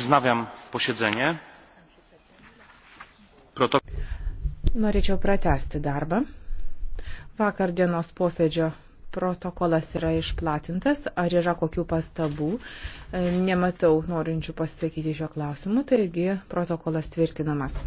Wznawiam posiedzenie. Protok... Norėčiau pratesti darbą. Vakar dienos posėdžio protokolas yra išplatintas. Ar yra kokių pastabų? E, nematau norinčių pasisakyti šio klausimu, taigi protokolas tvirtinamas.